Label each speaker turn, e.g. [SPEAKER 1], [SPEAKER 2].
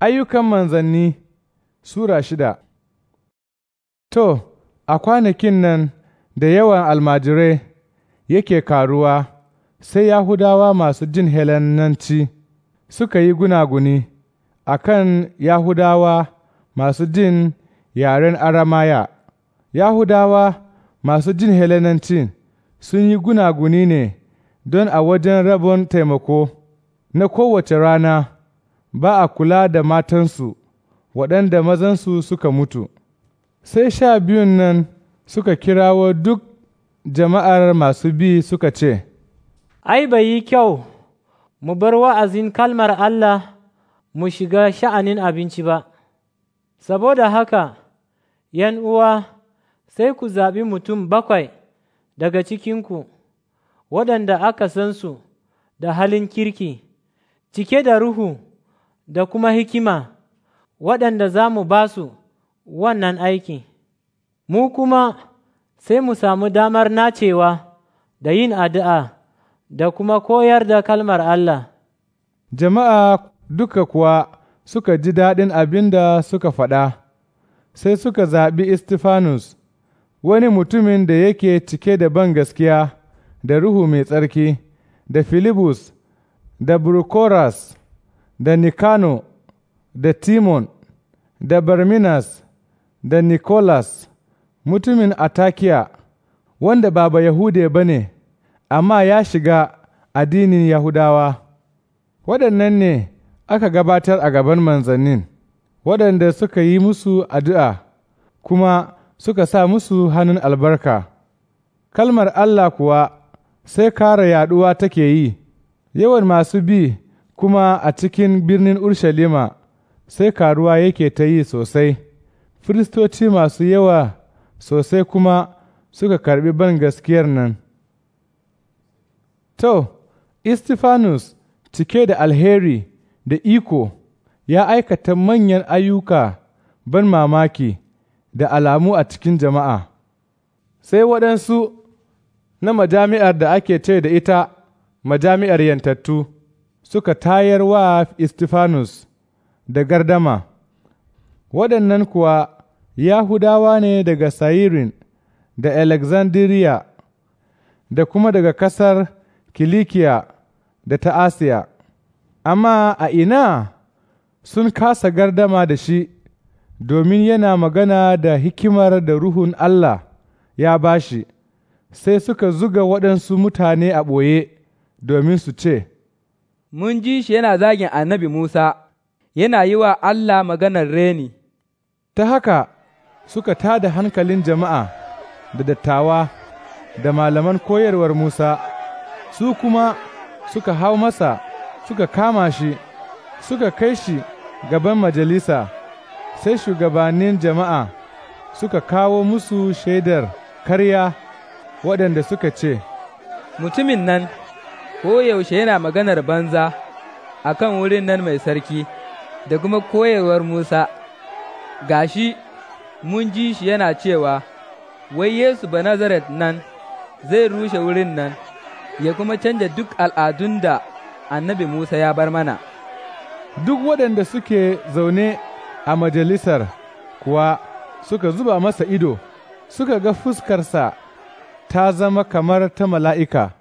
[SPEAKER 1] Ayyukan manzanni Sura shida To, a kwanakin nan da yawan almajirai yake karuwa, sai Yahudawa masu jin Helenanci suka yi gunaguni a kan Yahudawa masu jin yaren Aramaya. Yahudawa masu jin Helenanci sun yi gunaguni ne don a wajen rabon taimako na kowace rana. ba a kula da matansu waɗanda mazansu suka mutu. Sai sha biyun nan suka kirawo duk jama'ar masu bi suka ce,
[SPEAKER 2] Ai, bai yi kyau, mu bar wa'azin kalmar Allah mu shiga sha'anin abinci ba, saboda haka, ‘yan uwa, sai ku zaɓi mutum bakwai daga cikinku, waɗanda aka san su da halin kirki, cike da ruhu. da kuma hikima waɗanda za mu ba su wannan aiki, mu kuma sai mu samu damar nacewa da yin addu'a da kuma koyar da kalmar Allah.
[SPEAKER 1] Jama'a duka kuwa suka ji daɗin abin da suka faɗa, sai suka zaɓi Istifanus, wani mutumin da yake cike da ban gaskiya da Ruhu mai tsarki, da Filibus, da Burkoras. da Nikano, da Timon, da Barminas, da Nicholas, mutumin Atakiya, wanda ba Yahude ba ne, amma ya shiga addinin Yahudawa. Waɗannan ne aka gabatar a gaban manzannin, waɗanda suka yi musu addu'a kuma suka sa musu hannun albarka. Kalmar Allah kuwa sai kara yaɗuwa take yi, yawan masu bi kuma a cikin birnin Urshalima sai karuwa yake ta yi sosai, firistoci masu yawa sosai kuma suka karbi ban gaskiyar nan. To, Istifanus cike da alheri da iko ya aikata manyan ayyuka ban mamaki da alamu a cikin jama'a, sai waɗansu na majami'ar da ake ce da ita majami'ar yantattu. suka tayar wa Istifanus da gardama, waɗannan kuwa Yahudawa ne daga Sairin da Alexandria da kuma daga ƙasar Kilikiya da ta Asiya, amma a ina sun kasa gardama da shi domin yana magana da hikimar da Ruhun Allah ya bashi, sai suka zuga waɗansu mutane a ɓoye domin su ce,
[SPEAKER 3] mun ji shi yana zagin annabi Musa, yana yi wa Allah maganar reni. Ta haka suka da hankalin
[SPEAKER 1] jama'a da dattawa da malaman koyarwar Musa, su kuma suka hau masa suka kama shi, suka kai shi gaban majalisa, sai shugabannin jama'a suka kawo musu shaidar karya waɗanda suka ce,
[SPEAKER 3] Mutumin nan Ko yaushe yana maganar banza a kan wurin nan mai sarki da kuma koyarwar Musa, ga shi mun ji shi yana cewa, wai Yesu ba Nazaret nan zai rushe wurin nan, ya kuma canja duk al'adun da annabi Musa ya bar mana. Duk waɗanda
[SPEAKER 1] suke zaune a
[SPEAKER 3] majalisar
[SPEAKER 1] kuwa suka zuba masa ido, suka ga fuskarsa ta zama kamar ta mala'ika.